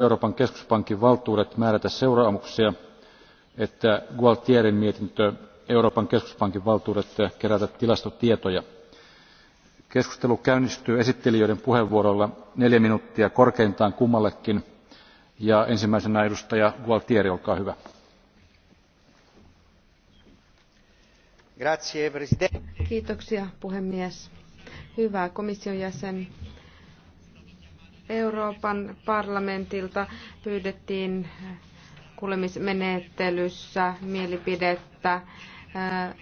euroopan keskuspankin valtuudet määrätä seuraamuksia että gualtierin mietintö euroopan keskuspankin valtuudet kerätä tilastotietoja. keskustelu käynnistyy esittelijöiden puheenvuoroilla neljä minuuttia korkeintaan kummallekin ja ensimmäisenä edustaja gualtieri olkaa hyvä. Kiitoksia puhemies. Hyvä komission jäsen Euroopan parlamentilta pyydettiin kuulemismenettelyssä mielipidettä äh,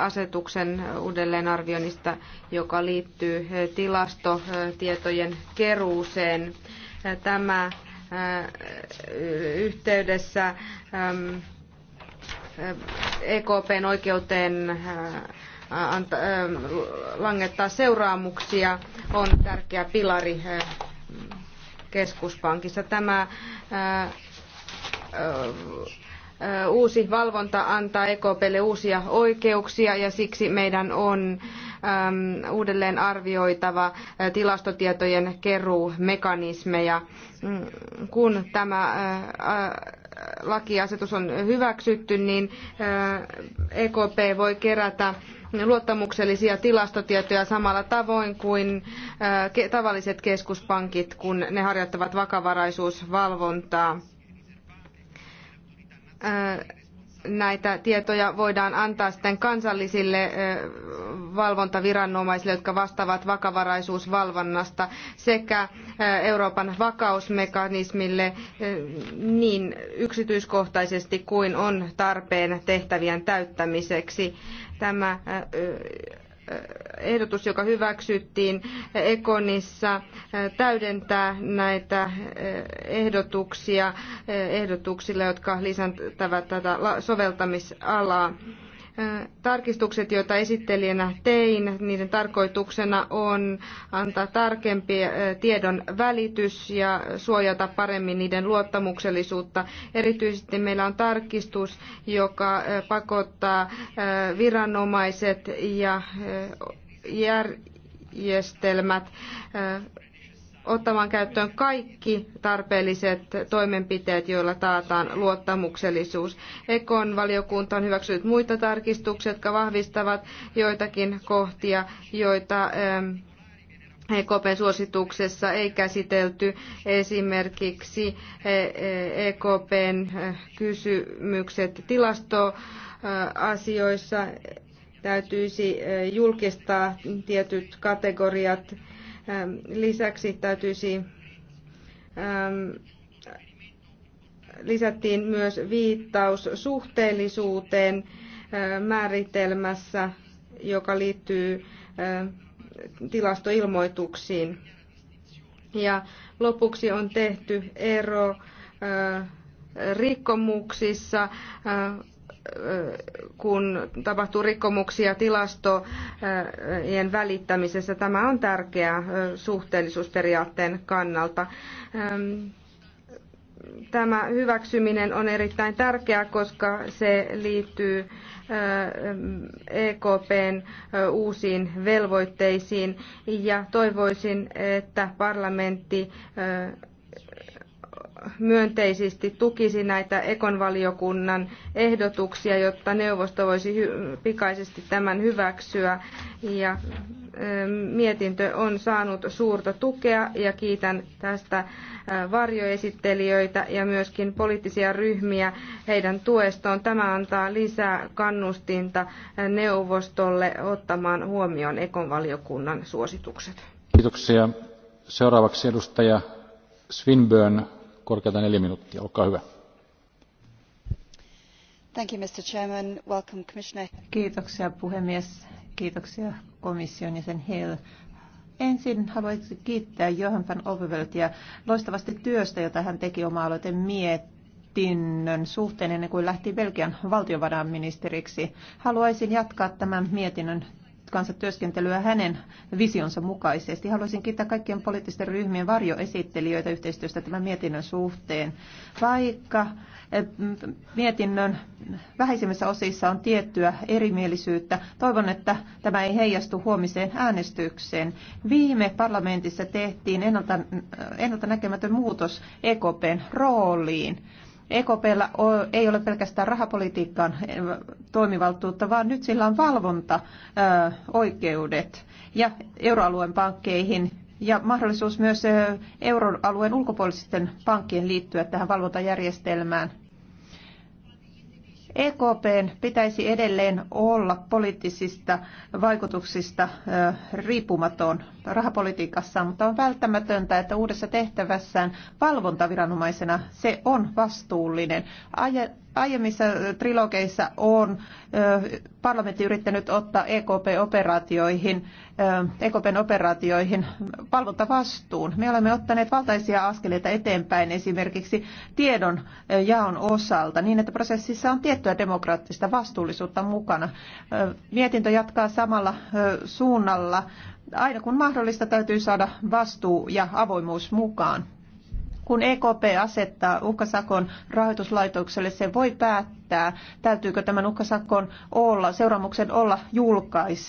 asetuksen uudelleenarvioinnista, joka liittyy äh, tilastotietojen keruuseen. Äh, tämä yhteydessä EKPn oikeuteen Äh, anta, ähm, langettaa seuraamuksia on tärkeä pilari äh, keskuspankissa. Tämä äh, uusi valvonta antaa EKPlle uusia oikeuksia ja siksi meidän on ähm, uudelleen arvioitava tilastotietojen keruumekanismeja. Mm, kun tämä lakiasetus on hyväksytty, niin EKP voi kerätä luottamuksellisia tilastotietoja samalla tavoin kuin tavalliset keskuspankit, kun ne harjoittavat vakavaraisuusvalvontaa. Näitä tietoja voidaan antaa sitten kansallisille valvontaviranomaisille, jotka vastaavat vakavaraisuusvalvonnasta sekä Euroopan vakausmekanismille niin yksityiskohtaisesti kuin on tarpeen tehtävien täyttämiseksi. Tämä ehdotus, joka hyväksyttiin Ekonissa, täydentää näitä ehdotuksia ehdotuksilla, jotka lisäntävät tätä soveltamisalaa. Tarkistukset, joita esittelijänä tein, niiden tarkoituksena on antaa tarkempi tiedon välitys ja suojata paremmin niiden luottamuksellisuutta. Erityisesti meillä on tarkistus, joka pakottaa viranomaiset ja järjestelmät ottamaan käyttöön kaikki tarpeelliset toimenpiteet, joilla taataan luottamuksellisuus. Ekon valiokunta on hyväksynyt muita tarkistuksia, jotka vahvistavat joitakin kohtia, joita ähm, EKPn suosituksessa ei käsitelty esimerkiksi äh, äh, EKPn äh, kysymykset tilastoasioissa. Täytyisi julkistaa tietyt kategoriat Ähm, lisäksi täytyisi ähm, lisättiin myös viittaus suhteellisuuteen äh, määritelmässä, joka liittyy äh, tilastoilmoituksiin. Ja lopuksi on tehty ero äh, rikkomuksissa kun tapahtuu rikkomuksia tilastojen välittämisessä. Tämä on tärkeää suhteellisuusperiaatteen kannalta. Tämä hyväksyminen on erittäin tärkeää, koska se liittyy EKPn uusiin velvoitteisiin ja toivoisin, että parlamentti myönteisesti tukisi näitä ekonvaliokunnan ehdotuksia, jotta neuvosto voisi pikaisesti tämän hyväksyä. Ja mietintö on saanut suurta tukea ja kiitän tästä varjoesittelijöitä ja myöskin poliittisia ryhmiä heidän tuestaan. Tämä antaa lisää kannustinta neuvostolle ottamaan huomioon ekonvaliokunnan suositukset. Kiitoksia. Seuraavaksi edustaja Swinburne korkeintaan neljä minuuttia. olkaa hyvä. Kiitoksia puhemies. Kiitoksia komission jäsen Hill. Ensin haluaisin kiittää Johan van Overveltia loistavasti työstä, jota hän teki oma-aloite mietinnön suhteen ennen kuin lähti Belgian valtiovarainministeriksi. Haluaisin jatkaa tämän mietinnön kanssa työskentelyä hänen visionsa mukaisesti. Haluaisin kiittää kaikkien poliittisten ryhmien varjoesittelijöitä yhteistyöstä tämän mietinnön suhteen. Vaikka eh, mietinnön vähäisimmissä osissa on tiettyä erimielisyyttä, toivon, että tämä ei heijastu huomiseen äänestykseen. Viime parlamentissa tehtiin ennalta, eh, ennalta näkemätön muutos EKPn rooliin. EKPllä ei ole pelkästään rahapolitiikkaan eh, toimivaltuutta, vaan nyt sillä on valvontaoikeudet ja euroalueen pankkeihin ja mahdollisuus myös euroalueen ulkopuolisten pankkien liittyä tähän valvontajärjestelmään. EKPn pitäisi edelleen olla poliittisista vaikutuksista riippumaton rahapolitiikassaan, mutta on välttämätöntä, että uudessa tehtävässään valvontaviranomaisena se on vastuullinen. Aiemmissa trilogeissa on parlamentti yrittänyt ottaa EKP-operaatioihin, EKPn operaatioihin valvontavastuun. Me olemme ottaneet valtaisia askeleita eteenpäin esimerkiksi tiedon jaon osalta niin, että prosessissa on tiettyä demokraattista vastuullisuutta mukana. Mietintö jatkaa samalla suunnalla aina kun mahdollista täytyy saada vastuu ja avoimuus mukaan. Kun EKP asettaa uhkasakon rahoituslaitokselle, se voi päättää, täytyykö tämän uhkasakon olla, seuraamuksen olla julkais,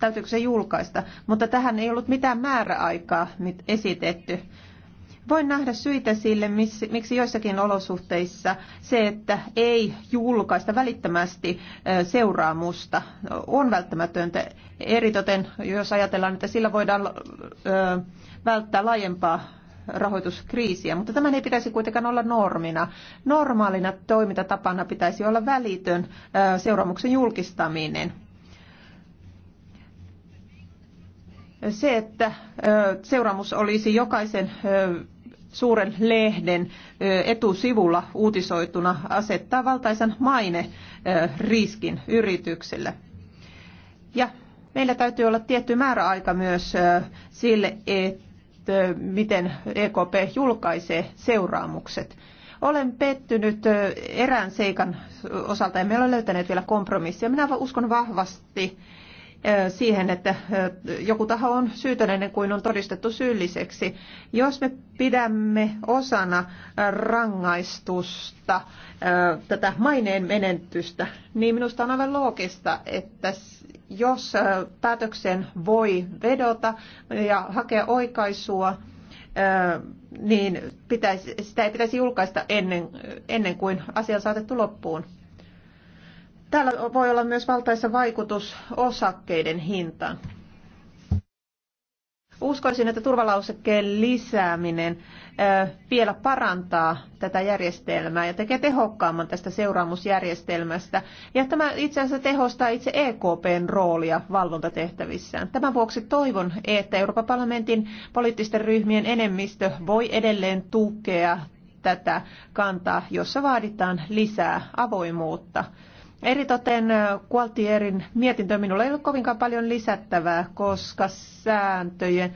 täytyykö se julkaista. Mutta tähän ei ollut mitään määräaikaa esitetty. Voin nähdä syitä sille, miksi joissakin olosuhteissa se, että ei julkaista välittömästi seuraamusta, on välttämätöntä. Eritoten, jos ajatellaan, että sillä voidaan välttää laajempaa rahoituskriisiä, mutta tämän ei pitäisi kuitenkaan olla normina. Normaalina toimintatapana pitäisi olla välitön seuraamuksen julkistaminen. Se, että seuraamus olisi jokaisen suuren lehden etusivulla uutisoituna asettaa valtaisan maine riskin yritykselle. Ja meillä täytyy olla tietty määräaika myös sille, että miten EKP julkaisee seuraamukset. Olen pettynyt erään seikan osalta, emme ole löytäneet vielä kompromissia. Minä uskon vahvasti siihen, että joku taho on syytön ennen kuin on todistettu syylliseksi. Jos me pidämme osana rangaistusta tätä maineen menetystä, niin minusta on aivan loogista, että jos päätöksen voi vedota ja hakea oikaisua, niin pitäisi, sitä ei pitäisi julkaista ennen, ennen kuin asia on saatettu loppuun. Täällä voi olla myös valtaisa vaikutus osakkeiden hintaan. Uskoisin, että turvalausekkeen lisääminen vielä parantaa tätä järjestelmää ja tekee tehokkaamman tästä seuraamusjärjestelmästä. Ja tämä itse asiassa tehostaa itse EKPn roolia valvontatehtävissään. Tämän vuoksi toivon, että Euroopan parlamentin poliittisten ryhmien enemmistö voi edelleen tukea tätä kantaa, jossa vaaditaan lisää avoimuutta Eritoten Qualtierin mietintö minulla ei ole kovinkaan paljon lisättävää, koska sääntöjen,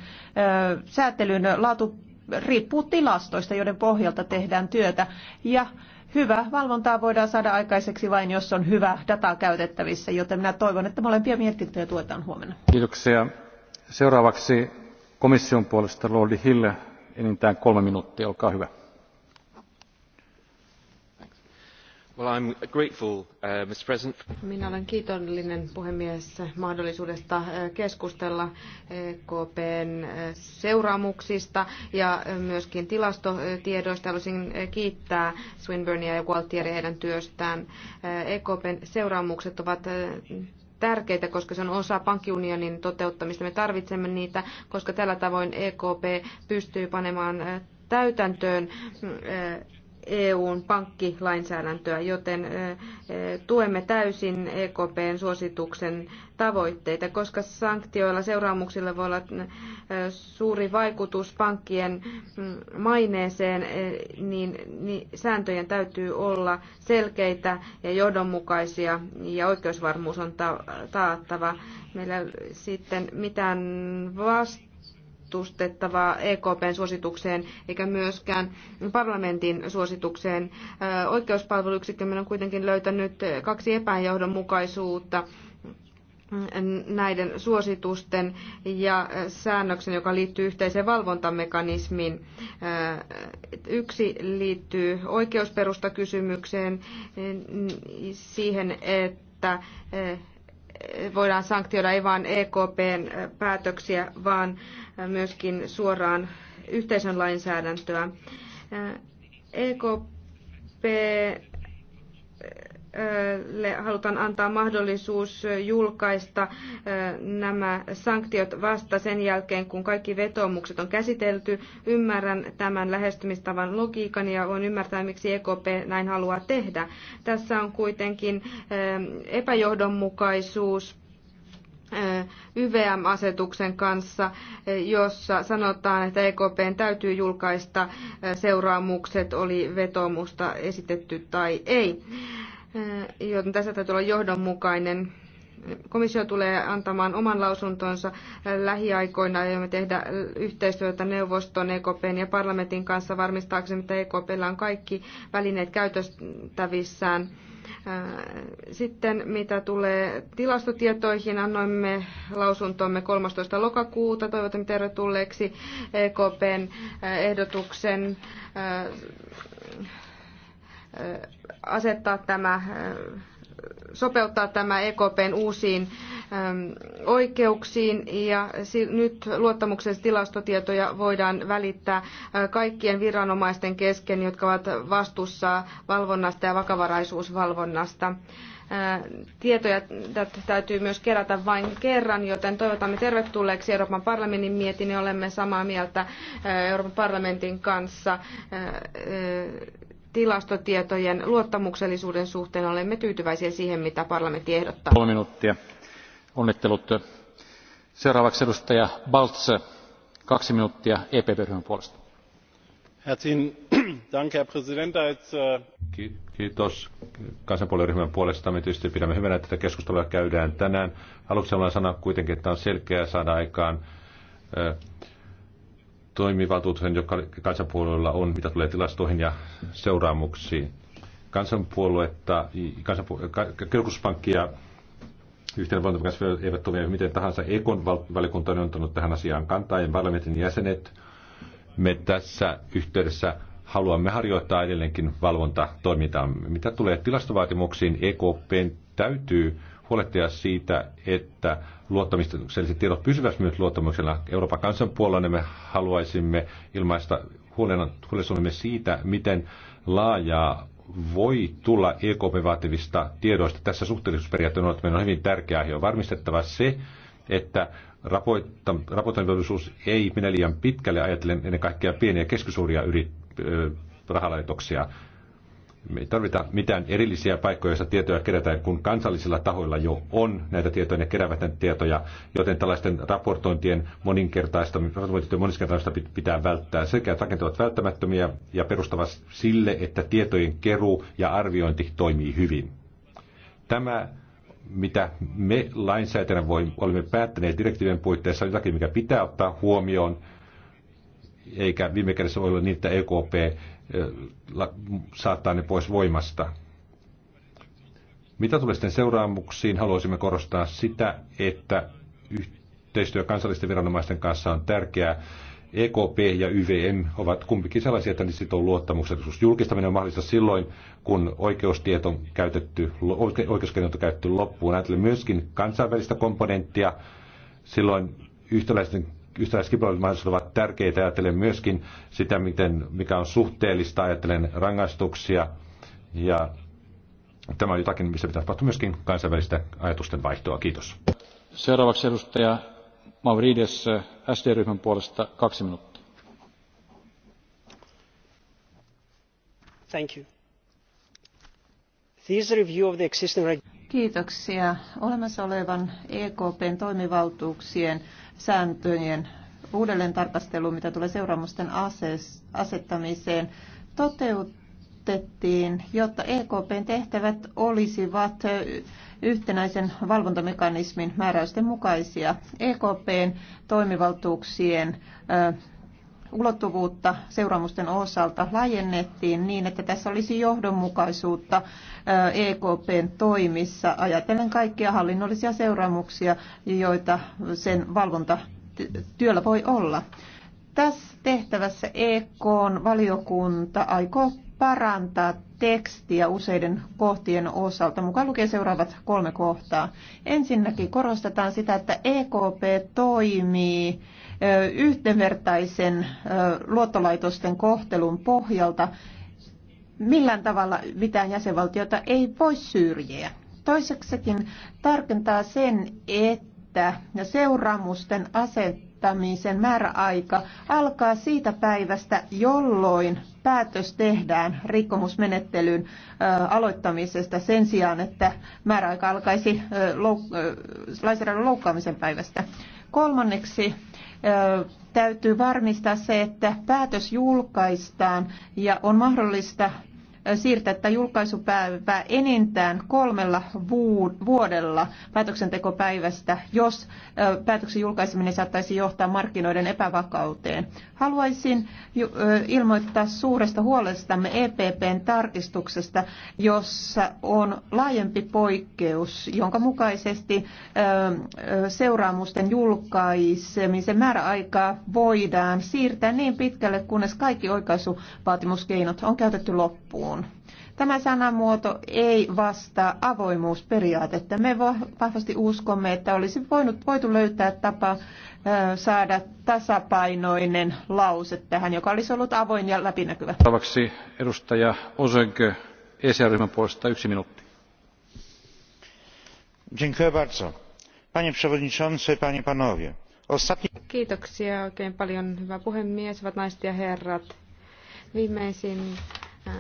säätelyn laatu riippuu tilastoista, joiden pohjalta tehdään työtä. Ja hyvä valvontaa voidaan saada aikaiseksi vain, jos on hyvä dataa käytettävissä, joten minä toivon, että molempia mietintöjä tuetaan huomenna. Kiitoksia. Seuraavaksi komission puolesta Lordi Hille enintään kolme minuuttia, olkaa hyvä. Uh, minä olen kiitollinen puhemies mahdollisuudesta uh, keskustella ekpn uh, seuraamuksista ja myös tilastotiedoista. haluaisin kiittää swinburnea ja gualtieria heidän työstään. ekpn seuraamukset ovat tärkeitä, koska se on osa pankkiunionin toteuttamista. Me tarvitsemme niitä, koska tällä tavoin EKP pystyy panemaan täytäntöön EUn pankkilainsäädäntöä, joten tuemme täysin EKPn suosituksen tavoitteita, koska sanktioilla seuraamuksilla voi olla suuri vaikutus pankkien mm, maineeseen, niin, niin, sääntöjen täytyy olla selkeitä ja johdonmukaisia ja oikeusvarmuus on taattava. Meillä sitten mitään vasta vastustettavaa EKPn suositukseen eikä myöskään parlamentin suositukseen. Oikeuspalveluyksikkömme on kuitenkin löytänyt kaksi epäjohdonmukaisuutta näiden suositusten ja säännöksen, joka liittyy yhteiseen valvontamekanismiin. Yksi liittyy oikeusperustakysymykseen siihen, että voidaan sanktioida ei vain EKPn päätöksiä, vaan myöskin suoraan yhteisön lainsäädäntöä. EKP Öö, halutaan antaa mahdollisuus julkaista öö, nämä sanktiot vasta sen jälkeen, kun kaikki vetoomukset on käsitelty. Ymmärrän tämän lähestymistavan logiikan ja voin ymmärtää, miksi EKP näin haluaa tehdä. Tässä on kuitenkin öö, epäjohdonmukaisuus YVM-asetuksen kanssa, jossa sanotaan, että EKPn täytyy julkaista seuraamukset, oli vetomusta esitetty tai ei joten tässä täytyy olla johdonmukainen. Komissio tulee antamaan oman lausuntonsa lähiaikoina ja me tehdä yhteistyötä neuvoston, EKPn ja parlamentin kanssa varmistaaksemme, että EKPllä on kaikki välineet käytettävissään. Sitten mitä tulee tilastotietoihin, annoimme lausuntomme 13. lokakuuta. Toivotamme tervetulleeksi EKPn ehdotuksen Äh, asettaa tämä, äh, sopeuttaa tämä EKPn uusiin ähm, oikeuksiin ja nyt luottamuksellisia tilastotietoja voidaan välittää äh, kaikkien viranomaisten kesken, jotka ovat vastuussa valvonnasta ja vakavaraisuusvalvonnasta. Tietoja täytyy myös kerätä vain kerran, joten toivotamme tervetulleeksi Euroopan parlamentin mietin ja olemme samaa mieltä Euroopan parlamentin kanssa tilastotietojen luottamuksellisuuden suhteen olemme tyytyväisiä siihen mitä parlamentti ehdottaa. kolme minuuttia. onnittelut. seuraavaksi edustaja balz kaksi minuuttia epp ryhmän puolesta. Äh, kiitos kansanpuolueryhmän puolesta. Me tietysti pidämme hyvänä, että tätä keskustelua käydään tänään. Aluksi haluan sanoa kuitenkin, että on selkeää saada aikaan äh, toimivaltuutuksen, joka kansanpuolueella on, mitä tulee tilastoihin ja seuraamuksiin. Kansanpuoluetta, kansanpu, keskuspankki ja yhteinen valtuutuksen eivät toimia miten tahansa. Ekon valikunta on antanut tähän asiaan kantaa ja parlamentin jäsenet. Me tässä yhteydessä haluamme harjoittaa edelleenkin valvontatoimintaa. Mitä tulee tilastovaatimuksiin, EKP täytyy huolehtia siitä, että luottamukselliset tiedot pysyvät myös luottamuksella. Euroopan kansan puolella me haluaisimme ilmaista huolestuneemme siitä, miten laajaa voi tulla EKP vaativista tiedoista. Tässä suhteellisuusperiaatteen noudattaminen on hyvin tärkeää ja on varmistettava se, että raportointivelvollisuus ei mene liian pitkälle ajatellen ennen kaikkea pieniä ja keskisuuria yrit, rahalaitoksia. Me ei tarvita mitään erillisiä paikkoja, joissa tietoja kerätään, kun kansallisilla tahoilla jo on näitä tietoja, ne keräävät näitä tietoja, joten tällaisten raportointien moninkertaista, moninkertaista pitää välttää. Sekä rakenteet ovat välttämättömiä ja perustavat sille, että tietojen keruu ja arviointi toimii hyvin. Tämä mitä me lainsäätäjänä olemme päättäneet direktiivien puitteissa, on jotakin, mikä pitää ottaa huomioon, eikä viime kädessä voi olla niin, että EKP saattaa ne pois voimasta. Mitä tulee sitten seuraamuksiin, haluaisimme korostaa sitä, että yhteistyö kansallisten viranomaisten kanssa on tärkeää. EKP ja YVM ovat kumpikin sellaisia, että niistä on luottamuksellisuus. Julkistaminen on mahdollista silloin, kun oikeustieto on käytetty, oikeuskeinot on käytetty loppuun. Ajatellen myöskin kansainvälistä komponenttia. Silloin yhtäläiset, yhtäläiset mahdollisuudet ovat tärkeitä. Ajattelen myöskin sitä, miten, mikä on suhteellista. Ajattelen rangaistuksia ja tämä on jotakin, missä pitää tapahtua myöskin kansainvälistä ajatusten vaihtoa. Kiitos. Seuraavaksi edustaja Maurides SD-ryhmän puolesta kaksi minuuttia. Thank you. This review of the existing Kiitoksia. Olemassa olevan EKPn toimivaltuuksien sääntöjen uudelleen tarkasteluun, mitä tulee seuraamusten asettamiseen, toteutettiin, jotta EKPn tehtävät olisivat yhtenäisen valvontamekanismin määräysten mukaisia. EKPn toimivaltuuksien ulottuvuutta seuraamusten osalta laajennettiin niin, että tässä olisi johdonmukaisuutta EKPn toimissa ajatellen kaikkia hallinnollisia seuraamuksia, joita sen valvonta työllä voi olla. Tässä tehtävässä EKn valiokunta aikoo parantaa tekstiä useiden kohtien osalta. Mukaan lukee seuraavat kolme kohtaa. Ensinnäkin korostetaan sitä, että EKP toimii yhdenvertaisen luottolaitosten kohtelun pohjalta. Millään tavalla mitään jäsenvaltiota ei voi syrjiä. Toiseksikin tarkentaa sen, että että seuraamusten asettamisen määräaika alkaa siitä päivästä, jolloin päätös tehdään rikkomusmenettelyn aloittamisesta sen sijaan, että määräaika alkaisi lainsäädännön loukkaamisen päivästä. Kolmanneksi täytyy varmistaa se, että päätös julkaistaan ja on mahdollista siirtää tämä julkaisupäivää enintään kolmella vuodella päätöksentekopäivästä, jos päätöksen julkaiseminen saattaisi johtaa markkinoiden epävakauteen. Haluaisin ilmoittaa suuresta huolestamme EPPn tarkistuksesta, jossa on laajempi poikkeus, jonka mukaisesti seuraamusten julkaisemisen määräaikaa voidaan siirtää niin pitkälle, kunnes kaikki oikaisuvaatimuskeinot on käytetty loppuun. Tämä sanamuoto ei vastaa avoimuusperiaatetta. Me vahvasti uskomme, että olisi voinut, voitu löytää tapa saada tasapainoinen lause tähän, joka olisi ollut avoin ja läpinäkyvä. Seuraavaksi edustaja Osenkö, ESR-ryhmän puolesta yksi minuutti. Dziękuję bardzo. Panie przewodniczący, panie panowie. Ostatni... Kiitoksia oikein paljon, hyvä puhemies, hyvät naiset ja herrat. Viimeisin äh,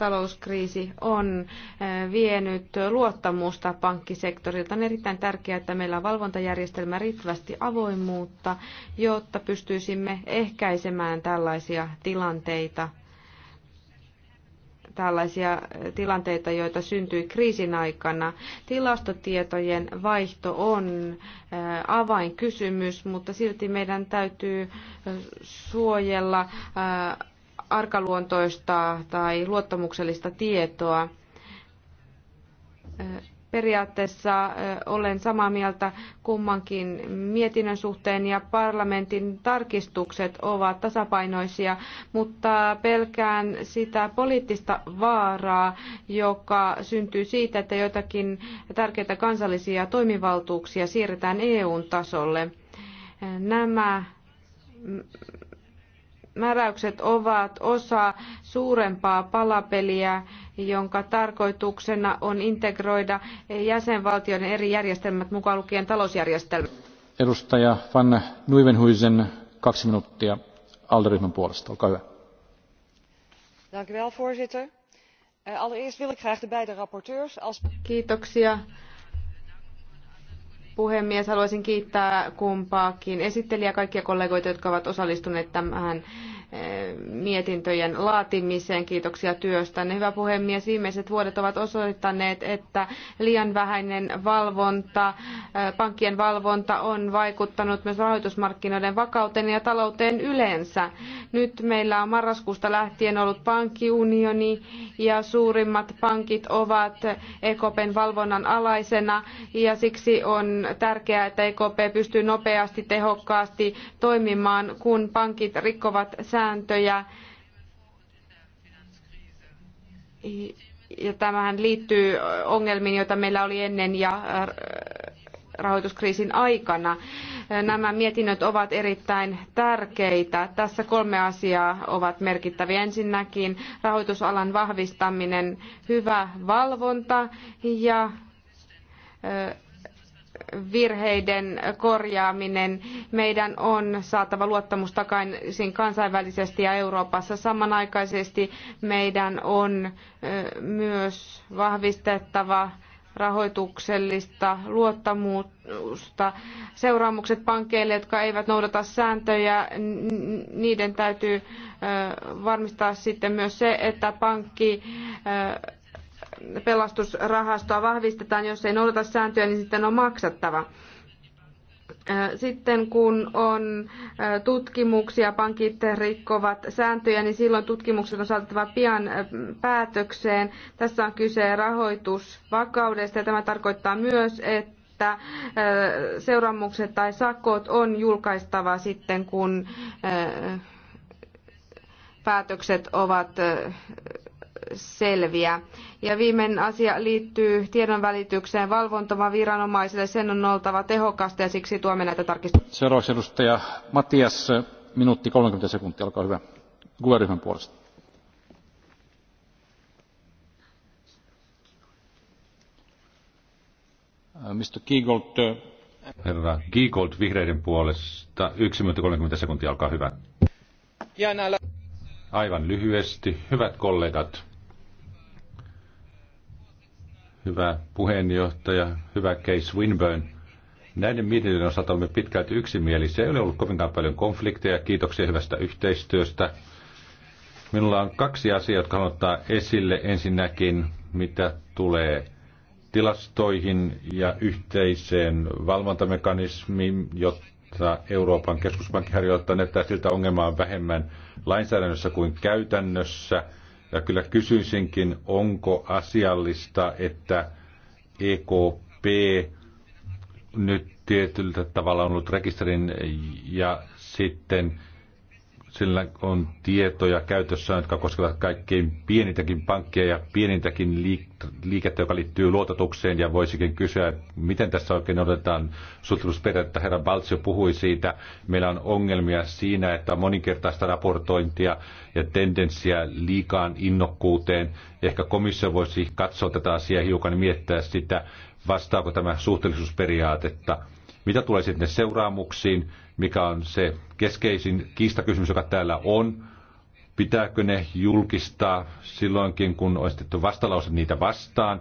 talouskriisi on eh, vienyt luottamusta pankkisektorilta. On erittäin tärkeää, että meillä on valvontajärjestelmä riittävästi avoimuutta, jotta pystyisimme ehkäisemään tällaisia tilanteita tällaisia tilanteita, joita syntyi kriisin aikana. Tilastotietojen vaihto on eh, avainkysymys, mutta silti meidän täytyy eh, suojella arkaluontoista tai luottamuksellista tietoa. Periaatteessa olen samaa mieltä kummankin mietinnön suhteen ja parlamentin tarkistukset ovat tasapainoisia, mutta pelkään sitä poliittista vaaraa, joka syntyy siitä, että joitakin tärkeitä kansallisia toimivaltuuksia siirretään eu tasolle. Nämä määräykset ovat osa suurempaa palapeliä, jonka tarkoituksena on integroida jäsenvaltioiden eri järjestelmät mukaan lukien talousjärjestelmä. Edustaja Van Nuivenhuisen kaksi minuuttia alderyhmän puolesta. Olkaa hyvä. Dank u wel, voorzitter. Eh, allereerst wil ik graag de beide rapporteurs als... Kiitoksia puhemies. Haluaisin kiittää kumpaakin esittelijää kaikkia kollegoita, jotka ovat osallistuneet tähän mietintöjen laatimiseen. Kiitoksia työstänne. Hyvä puhemies, viimeiset vuodet ovat osoittaneet, että liian vähäinen valvonta, pankkien valvonta on vaikuttanut myös rahoitusmarkkinoiden vakauteen ja talouteen yleensä. Nyt meillä on marraskuusta lähtien ollut pankkiunioni ja suurimmat pankit ovat EKPn valvonnan alaisena ja siksi on tärkeää, että EKP pystyy nopeasti, tehokkaasti toimimaan, kun pankit rikkovat sääntöjä sääntöjä. Ja tämähän liittyy ongelmiin, joita meillä oli ennen ja äh, rahoituskriisin aikana. Nämä mietinnöt ovat erittäin tärkeitä. Tässä kolme asiaa ovat merkittäviä. Ensinnäkin rahoitusalan vahvistaminen, hyvä valvonta ja äh, virheiden korjaaminen. Meidän on saatava luottamus takaisin kansainvälisesti ja Euroopassa. Samanaikaisesti meidän on myös vahvistettava rahoituksellista luottamusta. Seuraamukset pankeille, jotka eivät noudata sääntöjä, niiden täytyy varmistaa sitten myös se, että pankki pelastusrahastoa vahvistetaan, jos ei noudata sääntöjä, niin sitten on maksattava. Sitten kun on tutkimuksia, pankit rikkovat sääntöjä, niin silloin tutkimukset on saatettava pian päätökseen. Tässä on kyse rahoitusvakaudesta ja tämä tarkoittaa myös, että että seuraamukset tai sakot on julkaistava sitten, kun päätökset ovat selviä. Ja viimeinen asia liittyy tiedonvälitykseen välitykseen viranomaisille. Sen on oltava tehokasta ja siksi tuomme näitä tarkistuksia. Seuraavaksi edustaja Matias, minuutti 30 sekuntia, olkaa hyvä. Gueryhmän puolesta. Äh, Mr. Giegold. Äh. Herra Giegold vihreiden puolesta. 1 minuutti 30 sekuntia, olkaa hyvä. Aivan lyhyesti, hyvät kollegat hyvä puheenjohtaja, hyvä Case Winburn. Näiden mietintöjen osalta olemme pitkälti yksimielisiä. Ei ole ollut kovinkaan paljon konflikteja. Kiitoksia hyvästä yhteistyöstä. Minulla on kaksi asiaa, jotka haluan ottaa esille. Ensinnäkin, mitä tulee tilastoihin ja yhteiseen valvontamekanismiin, jotta Euroopan keskuspankki harjoittaa näyttää siltä ongelmaa vähemmän lainsäädännössä kuin käytännössä – ja kyllä kysyisinkin, onko asiallista, että EKP nyt tietyllä tavalla on ollut rekisterin ja sitten sillä on tietoja käytössä, jotka koskevat kaikkein pienintäkin pankkia ja pienintäkin liikettä, joka liittyy luototukseen. Ja voisikin kysyä, miten tässä oikein otetaan suhteellisuusperiaatetta. Herra Baltsio puhui siitä. Meillä on ongelmia siinä, että on moninkertaista raportointia ja tendenssiä liikaan innokkuuteen. Ehkä komissio voisi katsoa tätä asiaa hiukan ja miettiä sitä, vastaako tämä suhteellisuusperiaatetta. Mitä tulee sitten seuraamuksiin? mikä on se keskeisin kiistakysymys, joka täällä on. Pitääkö ne julkistaa silloinkin, kun on esitetty vastalause niitä vastaan?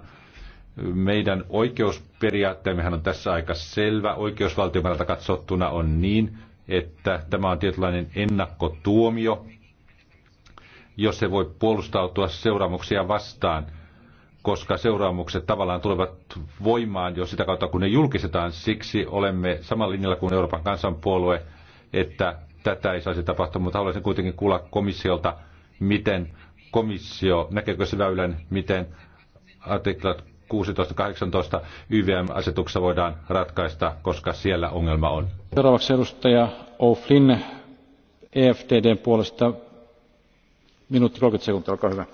Meidän oikeusperiaatteemmehan on tässä aika selvä. Oikeusvaltion katsottuna on niin, että tämä on tietynlainen ennakkotuomio, jos se voi puolustautua seuraamuksia vastaan – koska seuraamukset tavallaan tulevat voimaan jo sitä kautta, kun ne julkistetaan. Siksi olemme samalla linjalla kuin Euroopan kansanpuolue, että tätä ei saisi tapahtua, mutta haluaisin kuitenkin kuulla komissiolta, miten komissio, näkeekö se väylän, miten artiklat 16-18 YVM-asetuksessa voidaan ratkaista, koska siellä ongelma on. Seuraavaksi edustaja O'Flynn EFTDn puolesta. Minuutti 30 sekuntia, olkaa hyvä.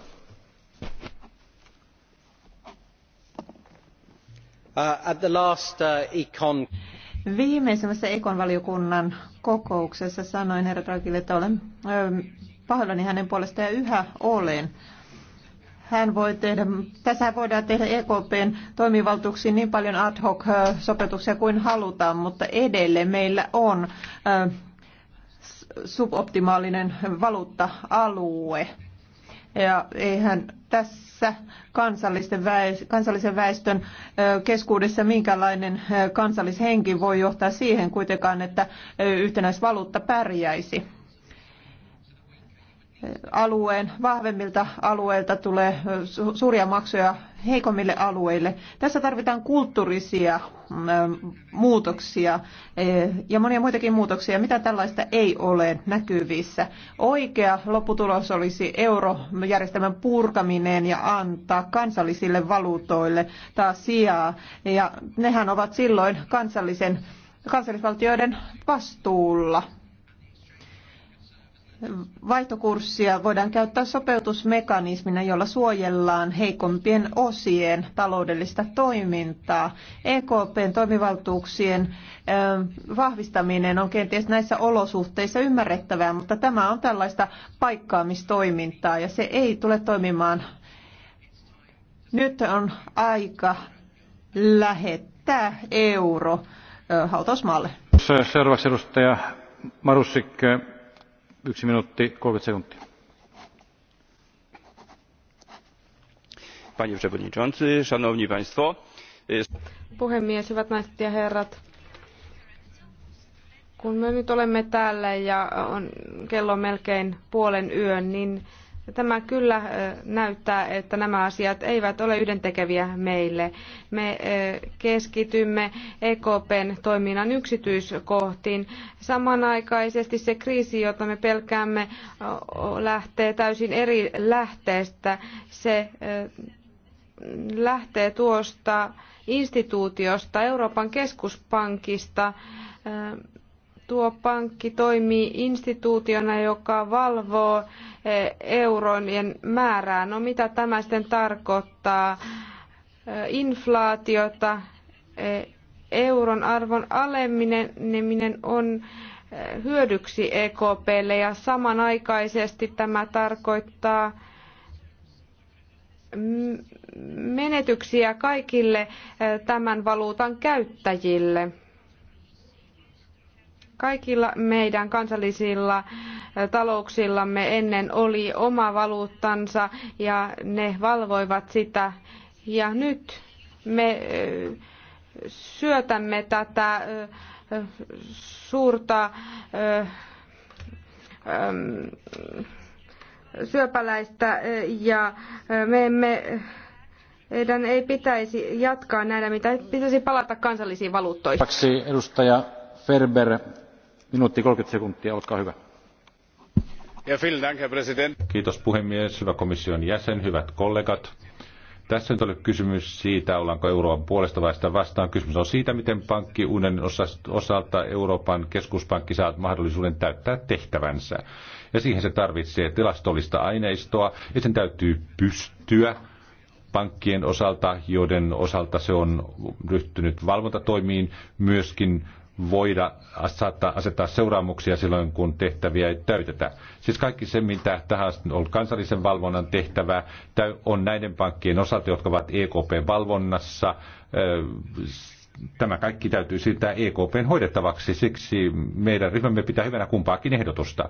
Uh, at the last uh, econ Viimeisimmässä Ekon valiokunnan kokouksessa sanoin herra Dragille, että olen ähm, pahoillani hänen puolestaan ja yhä olen. Hän voi tehdä, tässä voidaan tehdä EKPn toimivaltuuksiin niin paljon ad hoc äh, sopeutuksia kuin halutaan, mutta edelleen meillä on äh, suboptimaalinen valuutta-alue. Ja eihän tässä kansallisten väest- kansallisen väestön keskuudessa minkälainen kansallishenki voi johtaa siihen kuitenkaan, että yhtenäisvaluutta pärjäisi alueen vahvemmilta alueilta tulee suuria maksuja heikommille alueille. Tässä tarvitaan kulttuurisia mm, ähm, muutoksia eh, ja monia muitakin muutoksia, mitä tällaista ei ole näkyvissä. Oikea lopputulos olisi eurojärjestelmän purkaminen ja antaa kansallisille valuutoille taas sijaa. Ja nehän ovat silloin kansallisen, kansallisvaltioiden vastuulla. Vaihtokurssia voidaan käyttää sopeutusmekanismina, jolla suojellaan heikompien osien taloudellista toimintaa. EKPn toimivaltuuksien vahvistaminen on kenties näissä olosuhteissa ymmärrettävää, mutta tämä on tällaista paikkaamistoimintaa ja se ei tule toimimaan. Nyt on aika lähettää euro hautausmaalle. Seuraavaksi edustaja panie przewodniczący! szanowni państwo! puhemies hyvät naiset ja herrat kun me nyt olemme täällä ja on kello melkein puolen yön niin Tämä kyllä näyttää, että nämä asiat eivät ole yhdentekeviä meille. Me keskitymme EKPn toiminnan yksityiskohtiin. Samanaikaisesti se kriisi, jota me pelkäämme, lähtee täysin eri lähteestä. Se lähtee tuosta instituutiosta, Euroopan keskuspankista, tuo pankki toimii instituutiona, joka valvoo eh, eurojen määrää. No mitä tämä sitten tarkoittaa? Eh, inflaatiota, eh, euron arvon aleneminen on hyödyksi EKPlle ja samanaikaisesti tämä tarkoittaa mm, menetyksiä kaikille tämän valuutan käyttäjille. Kaikilla meidän kansallisilla talouksillamme ennen oli oma valuuttansa ja ne valvoivat sitä. Ja nyt me syötämme tätä suurta syöpäläistä ja me emme meidän ei pitäisi jatkaa näillä, mitä pitäisi palata kansallisiin valuuttoihin. Kaksi edustaja Ferber Kiitos puhemies, hyvä komission jäsen, hyvät kollegat. Tässä nyt oli kysymys siitä, ollaanko Euroopan puolesta vai sitä vastaan. Kysymys on siitä, miten pankkiunionin osalta Euroopan keskuspankki saa mahdollisuuden täyttää tehtävänsä. Ja siihen se tarvitsee tilastollista aineistoa ja sen täytyy pystyä pankkien osalta, joiden osalta se on ryhtynyt valvontatoimiin, myöskin voida saattaa asettaa seuraamuksia silloin, kun tehtäviä ei täytetä. Siis kaikki se, mitä tähän on kansallisen valvonnan tehtävä, on näiden pankkien osalta, jotka ovat EKP-valvonnassa. Tämä kaikki täytyy siirtää EKPn hoidettavaksi, siksi meidän ryhmämme pitää hyvänä kumpaakin ehdotusta.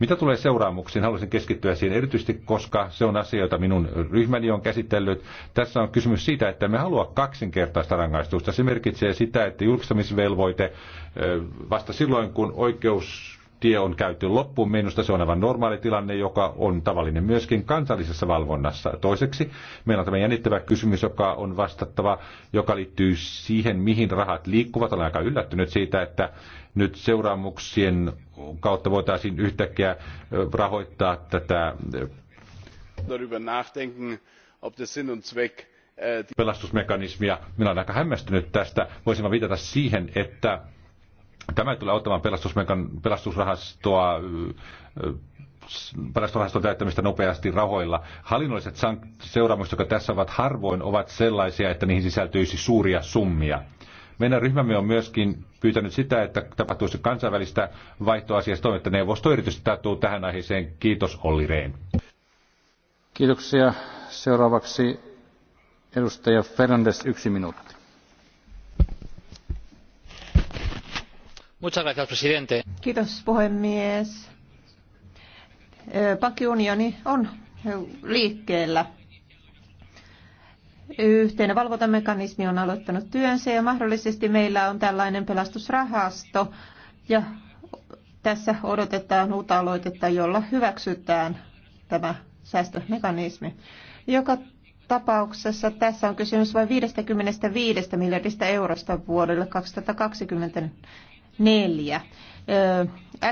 Mitä tulee seuraamuksiin, haluaisin keskittyä siihen erityisesti, koska se on asia, jota minun ryhmäni on käsitellyt. Tässä on kysymys siitä, että me halua kaksinkertaista rangaistusta. Se merkitsee sitä, että julkistamisvelvoite vasta silloin, kun oikeus tie on käyty loppuun. Minusta se on aivan normaali tilanne, joka on tavallinen myöskin kansallisessa valvonnassa. Toiseksi meillä on tämä jännittävä kysymys, joka on vastattava, joka liittyy siihen, mihin rahat liikkuvat. Olen aika yllättynyt siitä, että nyt seuraamuksien kautta voitaisiin yhtäkkiä rahoittaa tätä äh, pelastusmekanismia. Minä olen aika hämmästynyt tästä. Voisimme viitata siihen, että Tämä ei tule auttamaan pelastusrahastoa pelastusrahaston täyttämistä nopeasti rahoilla. Hallinnolliset seuraamukset, jotka tässä ovat harvoin, ovat sellaisia, että niihin sisältyisi suuria summia. Meidän ryhmämme on myöskin pyytänyt sitä, että tapahtuisi kansainvälistä vaihtoasiasta toiminta neuvosto erityisesti tarttuu tähän aiheeseen. Kiitos Olli Rehn. Kiitoksia. Seuraavaksi edustaja Fernandes, yksi minuutti arvoisa Kiitos puhemies. Pankkiunioni on liikkeellä. Yhteinen valvontamekanismi on aloittanut työnsä ja mahdollisesti meillä on tällainen pelastusrahasto ja tässä odotetaan uutta aloitetta, jolla hyväksytään tämä säästömekanismi. Joka tapauksessa tässä on kysymys vain 55 miljardista eurosta vuodelle 2020 neljä.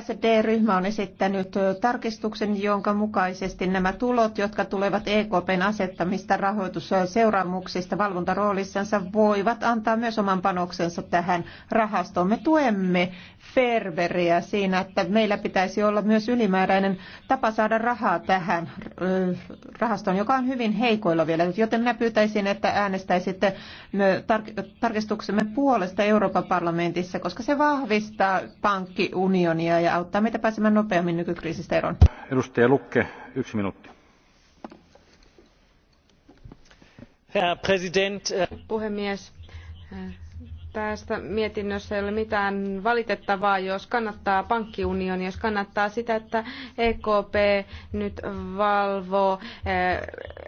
SD-ryhmä on esittänyt tarkistuksen, jonka mukaisesti nämä tulot, jotka tulevat EKPn asettamista rahoitusseuraamuksista valvontaroolissansa, voivat antaa myös oman panoksensa tähän rahastoon. Me tuemme Ferveriä siinä, että meillä pitäisi olla myös ylimääräinen tapa saada rahaa tähän rahastoon, joka on hyvin heikoilla vielä. Joten minä pyytäisin, että äänestäisitte tarkistuksemme puolesta Euroopan parlamentissa, koska se vahvistaa pankki pankkiunionia ja auttaa meitä pääsemään nopeammin nykykriisistä eroon. Edustaja Lukke, yksi minuutti. Herr President. Äh, Puhemies, tästä mietinnössä ei ole mitään valitettavaa, jos kannattaa pankkiunioni, jos kannattaa sitä, että EKP nyt valvoo äh,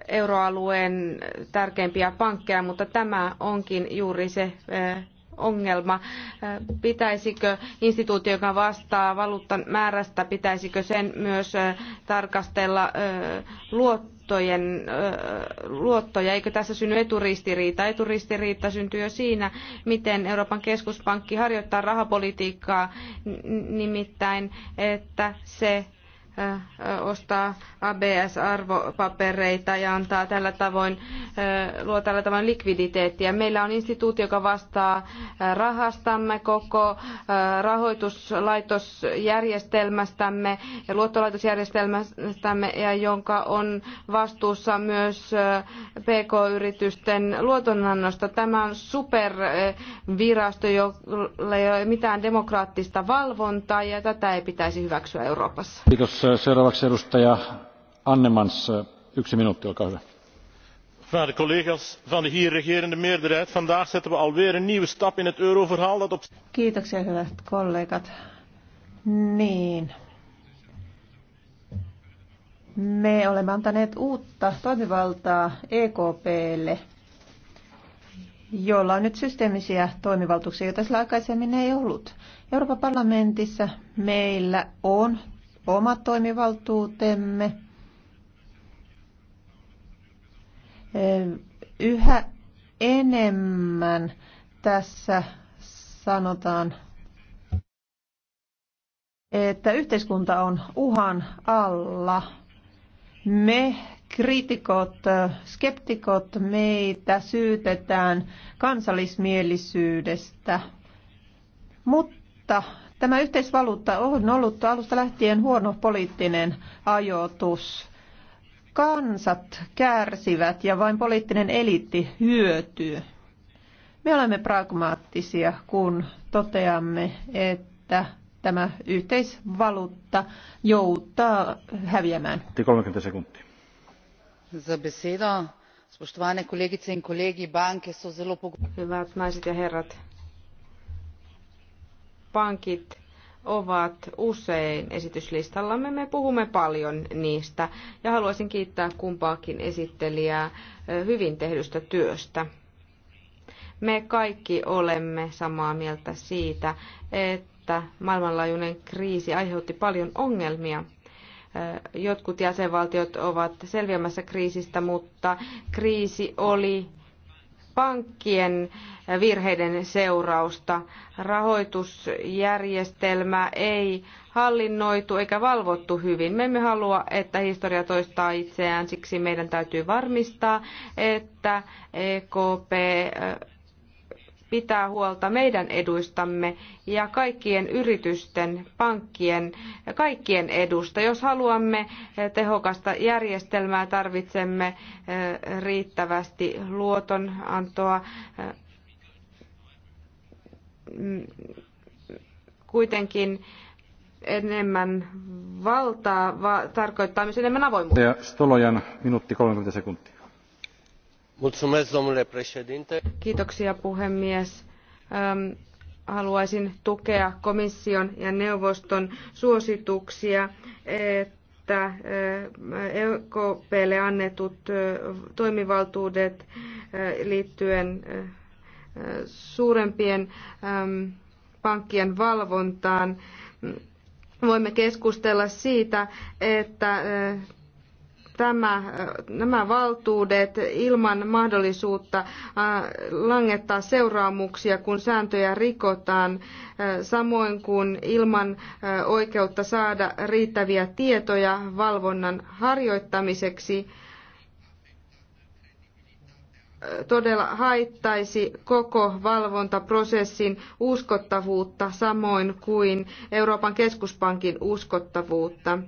euroalueen tärkeimpiä pankkeja, mutta tämä onkin juuri se äh, ongelma. Pitäisikö instituutio, joka vastaa valuuttan määrästä, pitäisikö sen myös tarkastella luottojen, luottoja? Eikö tässä synny eturistiriita? Eturistiriita syntyy jo siinä, miten Euroopan keskuspankki harjoittaa rahapolitiikkaa, nimittäin että se Äh, ostaa ABS-arvopapereita ja antaa tällä tavoin, äh, luo tällä tavoin likviditeettiä. Meillä on instituutio, joka vastaa äh, rahastamme, koko rahoituslaitosjärjestelmästämme ja luottolaitosjärjestelmästämme ja jonka on vastuussa myös PK-yritysten luotonannosta. Tämä on supervirasto, jolla ei ole mitään demokraattista valvontaa ja tätä ei pitäisi hyväksyä Euroopassa. Kiitos seuraavaksi edustaja annemans yksi minuutti olkaa hyvä. waarde collega's van de hier regerende meerderheid vandaag zetten we alweer een nieuwe stap in het euroverhaal dat op. kiitoksia hyvät kollegat niin me olemme antaneet uutta toimivaltaa EKPlle, jolla on nyt systeemisiä toimivaltuuksia, joita sillä aikaisemmin ei ollut. Euroopan parlamentissa meillä on oma toimivaltuutemme. Yhä enemmän tässä sanotaan, että yhteiskunta on uhan alla. Me kriitikot, skeptikot, meitä syytetään kansallismielisyydestä, mutta Tämä yhteisvaluutta on ollut alusta lähtien huono poliittinen ajoitus. Kansat kärsivät ja vain poliittinen eliitti hyötyy. Me olemme pragmaattisia, kun toteamme, että tämä yhteisvaluutta joutaa häviämään. 30 sekuntia. Za besedo. Spoštovane kolegice in kolegi, banke so zelo Hyvät naiset ja herrat, pankit ovat usein esityslistallamme. Me puhumme paljon niistä ja haluaisin kiittää kumpaakin esittelijää hyvin tehdystä työstä. Me kaikki olemme samaa mieltä siitä, että maailmanlaajuinen kriisi aiheutti paljon ongelmia. Jotkut jäsenvaltiot ovat selviämässä kriisistä, mutta kriisi oli pankkien virheiden seurausta. Rahoitusjärjestelmä ei hallinnoitu eikä valvottu hyvin. Me emme halua, että historia toistaa itseään, siksi meidän täytyy varmistaa, että EKP pitää huolta meidän eduistamme ja kaikkien yritysten, pankkien ja kaikkien edusta. Jos haluamme tehokasta järjestelmää, tarvitsemme eh, riittävästi luotonantoa mm, kuitenkin enemmän valtaa va- tarkoittaa myös enemmän avoimuutta. Stolojan minuutti 30 sekuntia arvoisa kiitoksia puhemies haluaisin tukea komission ja neuvoston suosituksia että ekplle annetut toimivaltuudet liittyen suurempien pankkien valvontaan voimme keskustella siitä että tämä, äh, nämä valtuudet ilman mahdollisuutta äh, langettaa seuraamuksia, kun sääntöjä rikotaan, äh, samoin kuin ilman oikeutta saada riittäviä tietoja valvonnan harjoittamiseksi todella haittaisi koko valvontaprosessin uskottavuutta samoin kuin Euroopan keskuspankin uskottavuutta.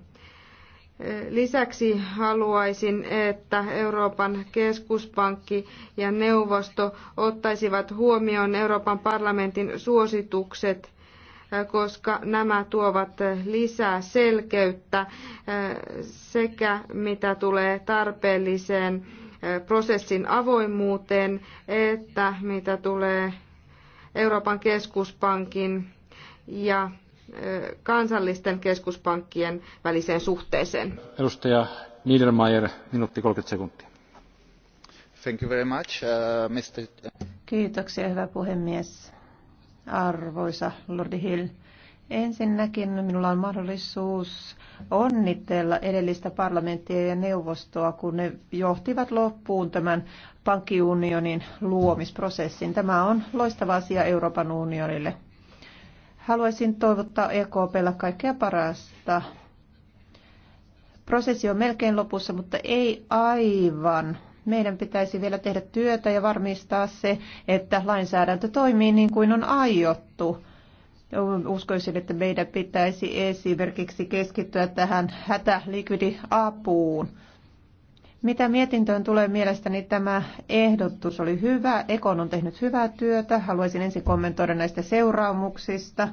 Lisäksi haluaisin, että Euroopan keskuspankki ja neuvosto ottaisivat huomioon Euroopan parlamentin suositukset, koska nämä tuovat lisää selkeyttä eh, sekä mitä tulee tarpeelliseen eh, prosessin avoimuuteen että mitä tulee Euroopan keskuspankin ja kansallisten keskuspankkien väliseen suhteeseen. Edustaja Niedermayer, minuutti 30 sekuntia. Thank you very much, uh, Mr. Kiitoksia, hyvä puhemies. Arvoisa Lordi Hill. Ensinnäkin minulla on mahdollisuus onnitella edellistä parlamenttia ja neuvostoa, kun ne johtivat loppuun tämän pankkiunionin luomisprosessin. Tämä on loistava asia Euroopan unionille. Haluaisin toivottaa EKPlle kaikkea parasta. Prosessi on melkein lopussa, mutta ei aivan. Meidän pitäisi vielä tehdä työtä ja varmistaa se, että lainsäädäntö toimii niin kuin on aiottu. Uskoisin, että meidän pitäisi esimerkiksi keskittyä tähän hätälikvidiapuun. apuun mitä mietintöön tulee mielestäni tämä ehdotus oli hyvä. Ekon on tehnyt hyvää työtä. Haluaisin ensin kommentoida näistä seuraamuksista.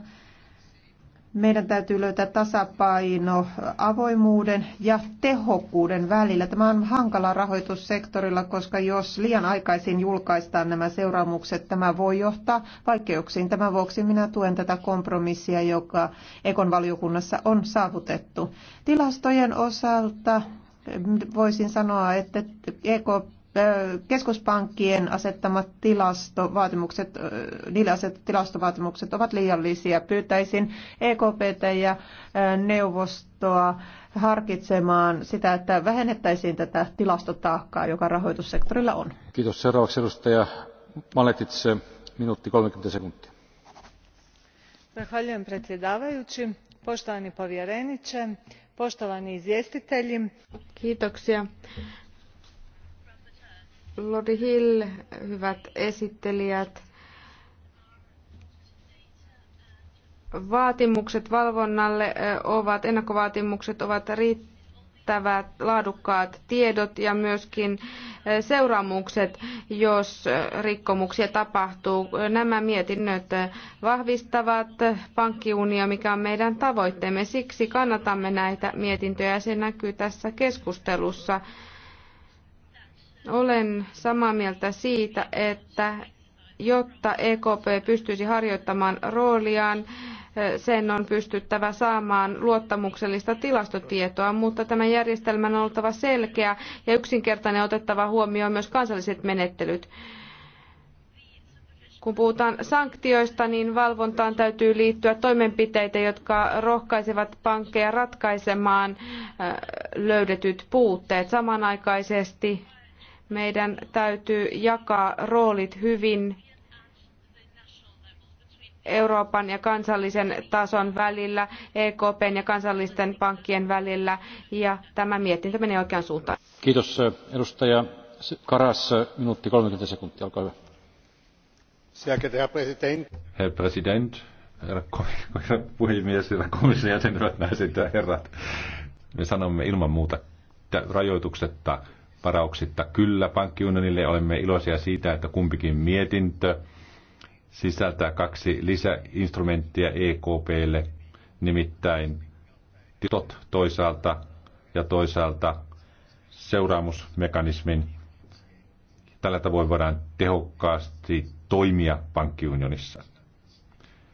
Meidän täytyy löytää tasapaino avoimuuden ja tehokkuuden välillä. Tämä on hankala rahoitussektorilla, koska jos liian aikaisin julkaistaan nämä seuraamukset, tämä voi johtaa vaikeuksiin. Tämän vuoksi minä tuen tätä kompromissia, joka Ekon valiokunnassa on saavutettu. Tilastojen osalta voisin sanoa, että EKP keskuspankkien asettamat tilastovaatimukset, niille asettamat tilastovaatimukset ovat liiallisia. Pyytäisin EKPtä ja neuvostoa harkitsemaan sitä, että vähennettäisiin tätä tilastotaakkaa, joka rahoitussektorilla on. Kiitos. Seuraavaksi edustaja Maletitse, minuutti 30 sekuntia. Zahvaljujem predsjedavajući, poštovani povjereniče, poštovani izvjestitelji kiitoksia lordi hill hyvät esittelijät vaatimukset valvonnalle ovat ennakkovaatimukset ovat riittämättömät riittävät laadukkaat tiedot ja myöskin eh, seuraamukset, jos eh, rikkomuksia tapahtuu. Nämä mietinnöt eh, vahvistavat pankkiunia, mikä on meidän tavoitteemme. Siksi kannatamme näitä mietintöjä ja se näkyy tässä keskustelussa. Olen samaa mieltä siitä, että jotta EKP pystyisi harjoittamaan rooliaan, sen on pystyttävä saamaan luottamuksellista tilastotietoa, mutta tämän järjestelmän on oltava selkeä ja yksinkertainen otettava huomioon myös kansalliset menettelyt. Kun puhutaan sanktioista, niin valvontaan täytyy liittyä toimenpiteitä, jotka rohkaisevat pankkeja ratkaisemaan äh, löydetyt puutteet. Samanaikaisesti meidän täytyy jakaa roolit hyvin Euroopan ja kansallisen tason välillä, EKPn ja kansallisten pankkien välillä ja tämä mietintö menee oikeaan suuntaan. Kiitos edustaja Karas, minuutti 30 sekuntia, olkaa hyvä. Herr Präsident, herra, herra puhemies, herra komission jäsen, hyvät naiset ja herrat. Me sanomme ilman muuta rajoituksetta varauksitta kyllä pankkiunionille. Olemme iloisia siitä, että kumpikin mietintö – sisältää kaksi lisäinstrumenttia EKPlle, nimittäin titot toisaalta ja toisaalta seuraamusmekanismin. Tällä tavoin voidaan tehokkaasti toimia pankkiunionissa.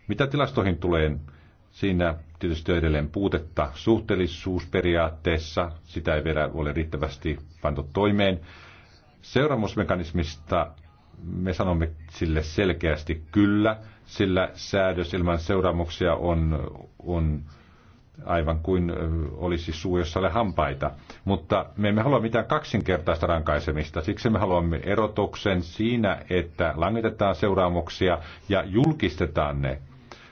Mitä tilastoihin tulee, siinä tietysti on edelleen puutetta suhteellisuusperiaatteessa. Sitä ei vielä ole riittävästi pantu toimeen. Seuraamusmekanismista me sanomme sille selkeästi kyllä, sillä säädös ilman seuraamuksia on, on aivan kuin olisi suu, jossa ole hampaita. Mutta me emme halua mitään kaksinkertaista rankaisemista. Siksi me haluamme erotuksen siinä, että langitetaan seuraamuksia ja julkistetaan ne.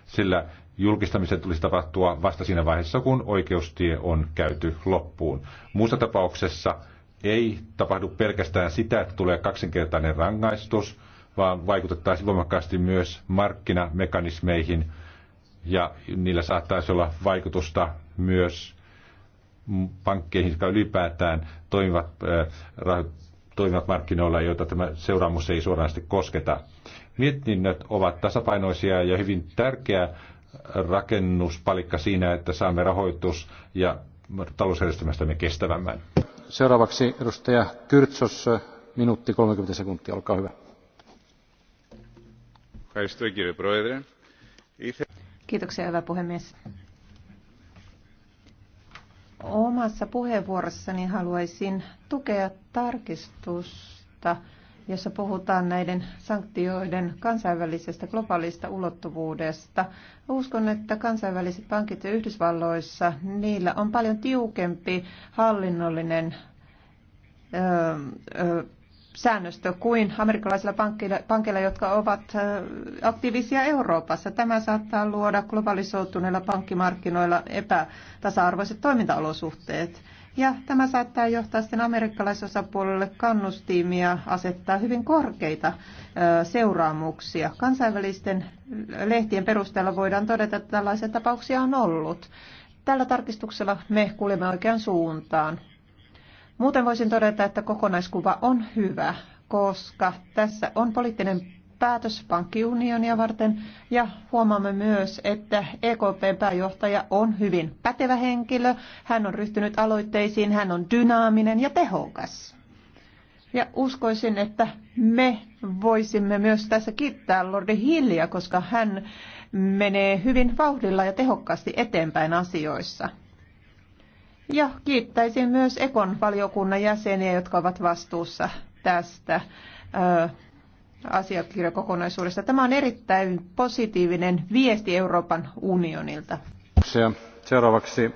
Sillä julkistamisen tulisi tapahtua vasta siinä vaiheessa, kun oikeustie on käyty loppuun. Muussa tapauksessa ei tapahdu pelkästään sitä, että tulee kaksinkertainen rangaistus, vaan vaikutettaisiin voimakkaasti myös markkinamekanismeihin ja niillä saattaisi olla vaikutusta myös pankkeihin, jotka ylipäätään toimivat, äh, toimivat markkinoilla, joita tämä seuraamus ei suoranaisesti kosketa. Mietinnöt ovat tasapainoisia ja hyvin tärkeä rakennuspalikka siinä, että saamme rahoitus- ja talousjärjestelmästämme kestävämmän seuraavaksi edustaja Kyrtsos, minuutti kolmekymmentä sekuntia, olkaa hyvä. Kiitoksia, hyvä puhemies. Omassa puheenvuorossani haluaisin tukea tarkistusta jossa puhutaan näiden sanktioiden kansainvälisestä globaalista ulottuvuudesta. Uskon, että kansainväliset pankit ja Yhdysvalloissa, niillä on paljon tiukempi hallinnollinen ö, ö, säännöstö kuin amerikkalaisilla pankkeilla, pankkeilla, jotka ovat aktiivisia Euroopassa. Tämä saattaa luoda globalisoituneilla pankkimarkkinoilla epätasa-arvoiset toimintaolosuhteet. Ja tämä saattaa johtaa sitten amerikkalaisosapuolelle kannustimia asettaa hyvin korkeita seuraamuksia. Kansainvälisten lehtien perusteella voidaan todeta, että tällaisia tapauksia on ollut. Tällä tarkistuksella me kuljemme oikeaan suuntaan. Muuten voisin todeta, että kokonaiskuva on hyvä, koska tässä on poliittinen päätös pankkiunionia varten ja huomaamme myös, että EKPn pääjohtaja on hyvin pätevä henkilö. Hän on ryhtynyt aloitteisiin, hän on dynaaminen ja tehokas. Ja uskoisin, että me voisimme myös tässä kiittää Lordi Hillia, koska hän menee hyvin vauhdilla ja tehokkaasti eteenpäin asioissa. Ja kiittäisin myös Ekon valiokunnan jäseniä, jotka ovat vastuussa tästä asiakirjakokonaisuudesta. Tämä on erittäin positiivinen viesti Euroopan unionilta. Seuraavaksi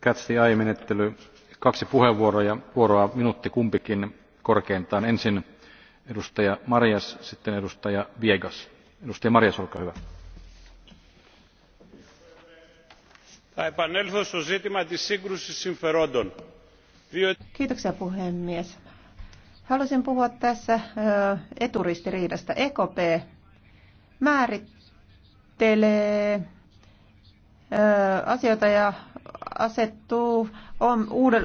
Kätsi the menettely Kaksi puheenvuoroja, vuoroa minuutti kumpikin korkeintaan. Ensin edustaja Marias, sitten edustaja Viegas. Edustaja Marias, olkaa hyvä. Kiitoksia puhemies. Haluaisin puhua tässä eturistiriidasta. EKP määrittelee asioita ja asettuu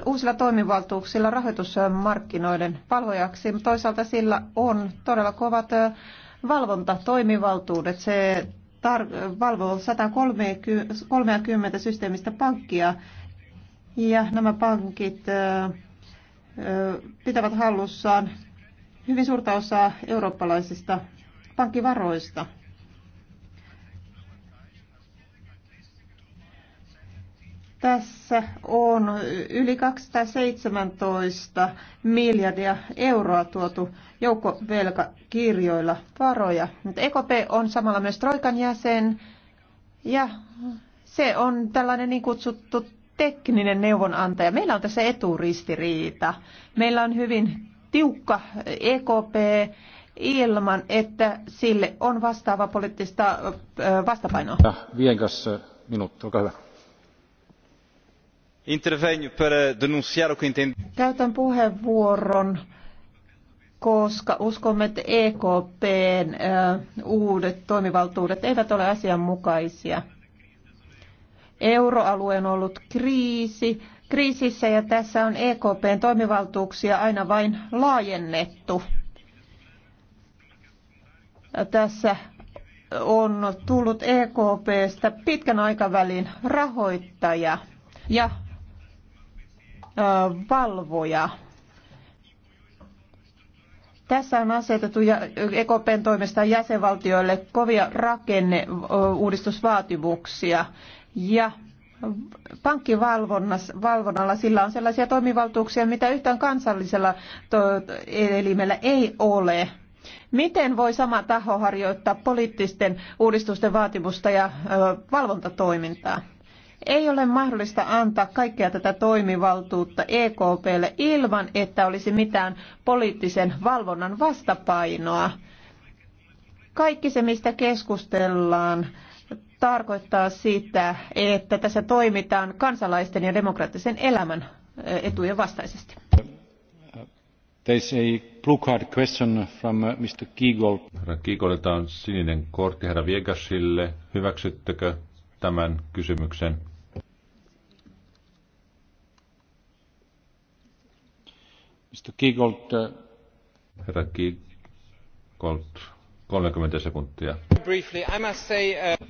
uusilla toimivaltuuksilla rahoitusmarkkinoiden palvojaksi. Toisaalta sillä on todella kovat valvontatoimivaltuudet. Se tar- valvoo 130 systeemistä pankkia ja nämä pankit pitävät hallussaan hyvin suurta osaa eurooppalaisista pankkivaroista. Tässä on yli 217 miljardia euroa tuotu joukkovelkakirjoilla varoja. EKP on samalla myös Troikan jäsen ja se on tällainen niin kutsuttu tekninen neuvonantaja. Meillä on tässä eturistiriita. Meillä on hyvin tiukka EKP ilman, että sille on vastaava poliittista vastapainoa. Vienkas minuutti, olkaa hyvä. Intervenio per denunciare Käytän puheenvuoron koska uskomme, että EKPn uudet toimivaltuudet eivät ole asianmukaisia. Euroalue on ollut kriisi, kriisissä ja tässä on EKPn toimivaltuuksia aina vain laajennettu. Tässä on tullut EKPstä pitkän aikavälin rahoittaja ja valvoja. Tässä on asetettu EKPn toimesta jäsenvaltioille kovia rakenneuudistusvaatimuksia ja pankkivalvonnalla sillä on sellaisia toimivaltuuksia, mitä yhtään kansallisella elimellä ei ole. Miten voi sama taho harjoittaa poliittisten uudistusten vaatimusta ja valvontatoimintaa? Ei ole mahdollista antaa kaikkea tätä toimivaltuutta EKPlle ilman, että olisi mitään poliittisen valvonnan vastapainoa. Kaikki se, mistä keskustellaan, tarkoittaa sitä, että tässä toimitaan kansalaisten ja demokraattisen elämän eh, etujen vastaisesti. There's a blue card question from uh, Mr. Kiegel. Herra Kiegolilta on sininen kortti herra Viegasille. Hyväksyttekö tämän kysymyksen? Mr. Kiegel. Uh, herra Kiegel. 30 sekuntia. Uh,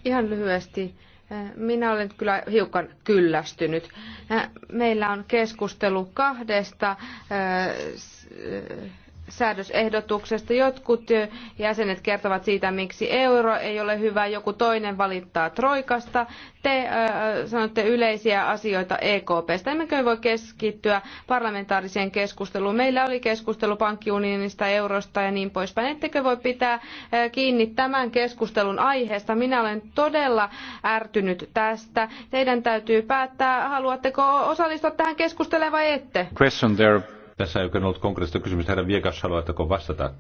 Ihan lyhyesti. Äh, minä olen kyllä hiukan kyllästynyt. Äh, meillä on keskustelu kahdesta äh, säädösehdotuksesta. Jotkut jäsenet kertovat siitä, miksi euro ei ole hyvä, joku toinen valittaa troikasta. Te äh, sanotte yleisiä asioita EKPstä. Emmekö voi keskittyä parlamentaariseen keskusteluun? Meillä oli keskustelu pankkiunionista, eurosta ja niin poispäin. Ettekö voi pitää äh, kiinni tämän keskustelun aiheesta? Minä olen todella ärtynyt tästä. Teidän täytyy päättää, haluatteko osallistua tähän keskusteluun vai ette? Question there tässä ei oikein ollut konkreettista kysymystä. Herra Viegas, haluatteko vastata?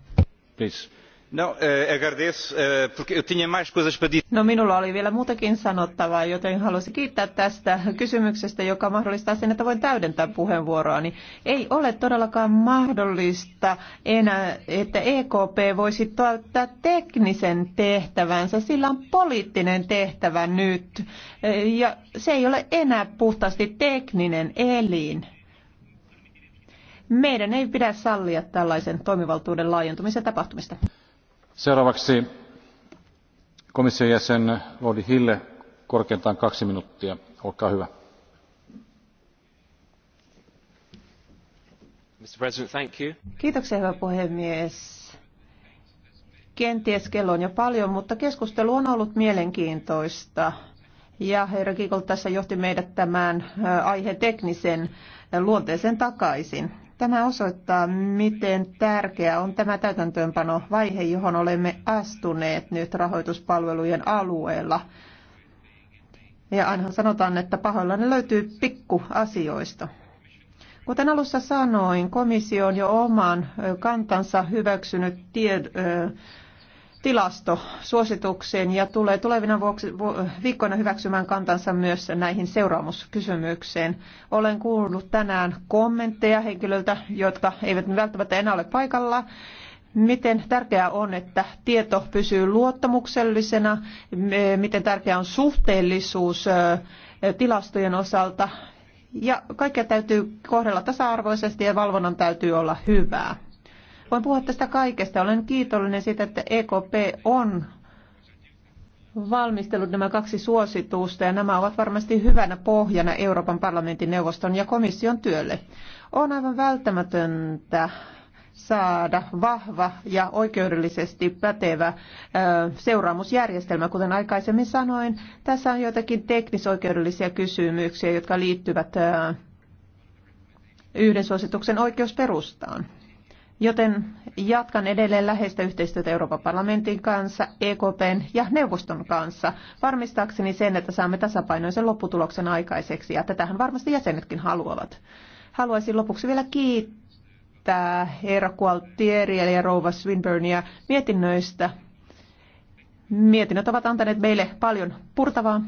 Please. No, eh, eh, no minulla oli vielä muutakin sanottavaa, joten haluaisin kiittää tästä kysymyksestä, joka mahdollistaa sen, että voin täydentää puheenvuoroani. Ei ole todellakaan mahdollista enää, että EKP voisi tuottaa teknisen tehtävänsä. Sillä on poliittinen tehtävä nyt, eh, ja se ei ole enää puhtaasti tekninen elin meidän ei pidä sallia tällaisen toimivaltuuden laajentumisen tapahtumista. Seuraavaksi komission jäsen Lodi Hille korkeintaan kaksi minuuttia. Olkaa hyvä. Mr. President, thank you. Kiitoksia, hyvä puhemies. Kenties kello on jo paljon, mutta keskustelu on ollut mielenkiintoista. Ja herra Kikol tässä johti meidät tämän aiheen teknisen luonteeseen takaisin. Tämä osoittaa, miten tärkeä on tämä täytäntöönpanovaihe, johon olemme astuneet nyt rahoituspalvelujen alueella. Ja aina sanotaan, että pahoilla ne löytyy pikkuasioista. Kuten alussa sanoin, komissio on jo oman kantansa hyväksynyt tiedon, tilasto suosituksiin ja tulee tulevina vuoksi, vu, viikkoina hyväksymään kantansa myös näihin seuraamuskysymykseen. Olen kuullut tänään kommentteja henkilöiltä, jotka eivät välttämättä enää ole paikalla. Miten tärkeää on, että tieto pysyy luottamuksellisena, miten tärkeää on suhteellisuus tilastojen osalta ja kaikkea täytyy kohdella tasa-arvoisesti ja valvonnan täytyy olla hyvää. Voin puhua tästä kaikesta. Olen kiitollinen siitä, että EKP on valmistellut nämä kaksi suositusta ja nämä ovat varmasti hyvänä pohjana Euroopan parlamentin neuvoston ja komission työlle. On aivan välttämätöntä saada vahva ja oikeudellisesti pätevä seuraamusjärjestelmä. Kuten aikaisemmin sanoin, tässä on joitakin teknisoikeudellisia kysymyksiä, jotka liittyvät yhden suosituksen oikeusperustaan. Joten jatkan edelleen läheistä yhteistyötä Euroopan parlamentin kanssa, EKPn ja neuvoston kanssa, varmistaakseni sen, että saamme tasapainoisen lopputuloksen aikaiseksi, ja tätähän varmasti jäsenetkin haluavat. Haluaisin lopuksi vielä kiittää herra Gualtieria ja rouva Swinburnia mietinnöistä. Mietinnöt ovat antaneet meille paljon purtavaa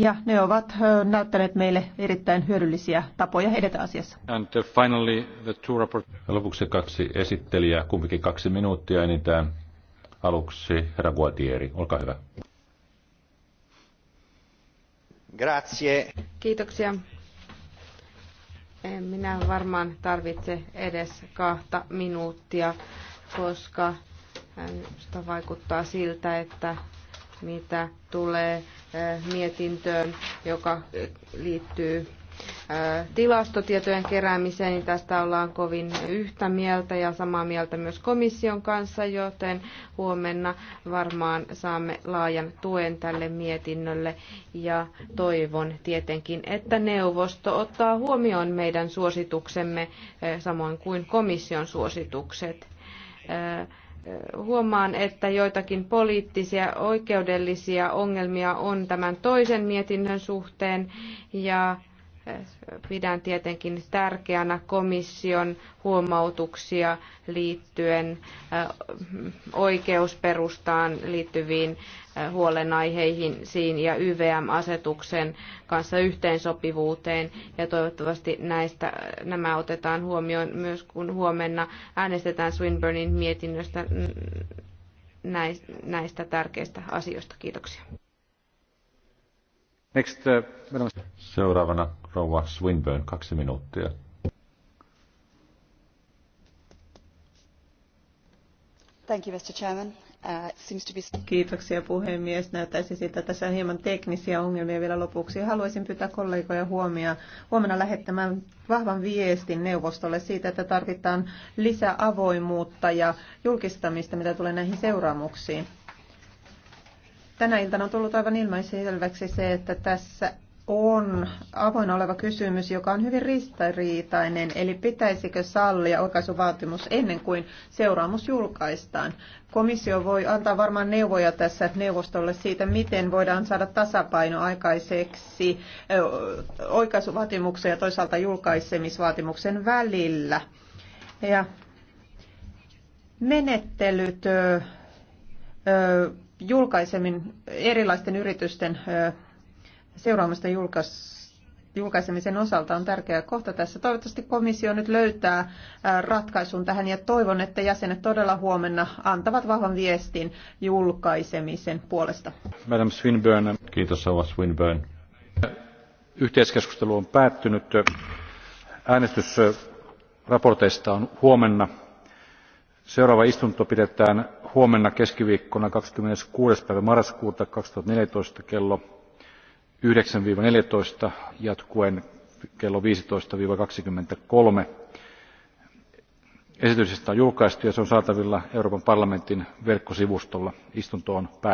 ja ne ovat näyttäneet meille erittäin hyödyllisiä tapoja edetä asiassa. And uh, finally, the two report... Lopuksi kaksi esittelijää, kumpikin kaksi minuuttia enintään. Aluksi herra Guatieri, olkaa hyvä. Grazie. Kiitoksia. En minä varmaan tarvitse edes kahta minuuttia, koska minusta vaikuttaa siltä, että mitä tulee mietintöön, joka liittyy tilastotietojen keräämiseen, niin tästä ollaan kovin yhtä mieltä ja samaa mieltä myös komission kanssa, joten huomenna varmaan saamme laajan tuen tälle mietinnölle ja toivon tietenkin, että neuvosto ottaa huomioon meidän suosituksemme samoin kuin komission suositukset huomaan, että joitakin poliittisia oikeudellisia ongelmia on tämän toisen mietinnön suhteen ja Pidän tietenkin tärkeänä komission huomautuksia liittyen äh, oikeusperustaan liittyviin äh, huolenaiheihin ja YVM-asetuksen kanssa yhteensopivuuteen. Ja toivottavasti näistä nämä otetaan huomioon myös, kun huomenna äänestetään Swinburnin mietinnöstä näistä tärkeistä asioista. Kiitoksia. Next, uh, Seuraavana Rouva Swinburne, kaksi minuuttia. Thank you, Mr. Chairman. Uh, Kiitoksia puhemies. Näyttäisi siltä, että tässä on hieman teknisiä ongelmia vielä lopuksi. Haluaisin pyytää kollegoja huomia, huomenna lähettämään vahvan viestin neuvostolle siitä, että tarvitaan lisää avoimuutta ja julkistamista, mitä tulee näihin seuraamuksiin. Tänä iltana on tullut aivan ilmaisen selväksi se, että tässä on avoin oleva kysymys, joka on hyvin ristiriitainen, eli pitäisikö sallia oikaisuvaatimus ennen kuin seuraamus julkaistaan. Komissio voi antaa varmaan neuvoja tässä neuvostolle siitä, miten voidaan saada tasapaino aikaiseksi oikaisuvaatimuksen ja toisaalta julkaisemisvaatimuksen välillä. Ja menettelyt julkaisemin erilaisten yritysten seuraamusten julkaisemisen osalta on tärkeä kohta tässä. Toivottavasti komissio nyt löytää ratkaisun tähän ja toivon, että jäsenet todella huomenna antavat vahvan viestin julkaisemisen puolesta. Madam Swinburne. Kiitos, Ava Swinburne. Yhteiskeskustelu on päättynyt. Äänestys raporteista on huomenna. Seuraava istunto pidetään huomenna keskiviikkona 26. päivä marraskuuta 2014 kello yhdeksän neljätoista jatkuen kello viisitoista kaksikymmentäkolme esitys on julkaistu ja se on saatavilla euroopan parlamentin verkkosivustolla. istunto on päättynyt.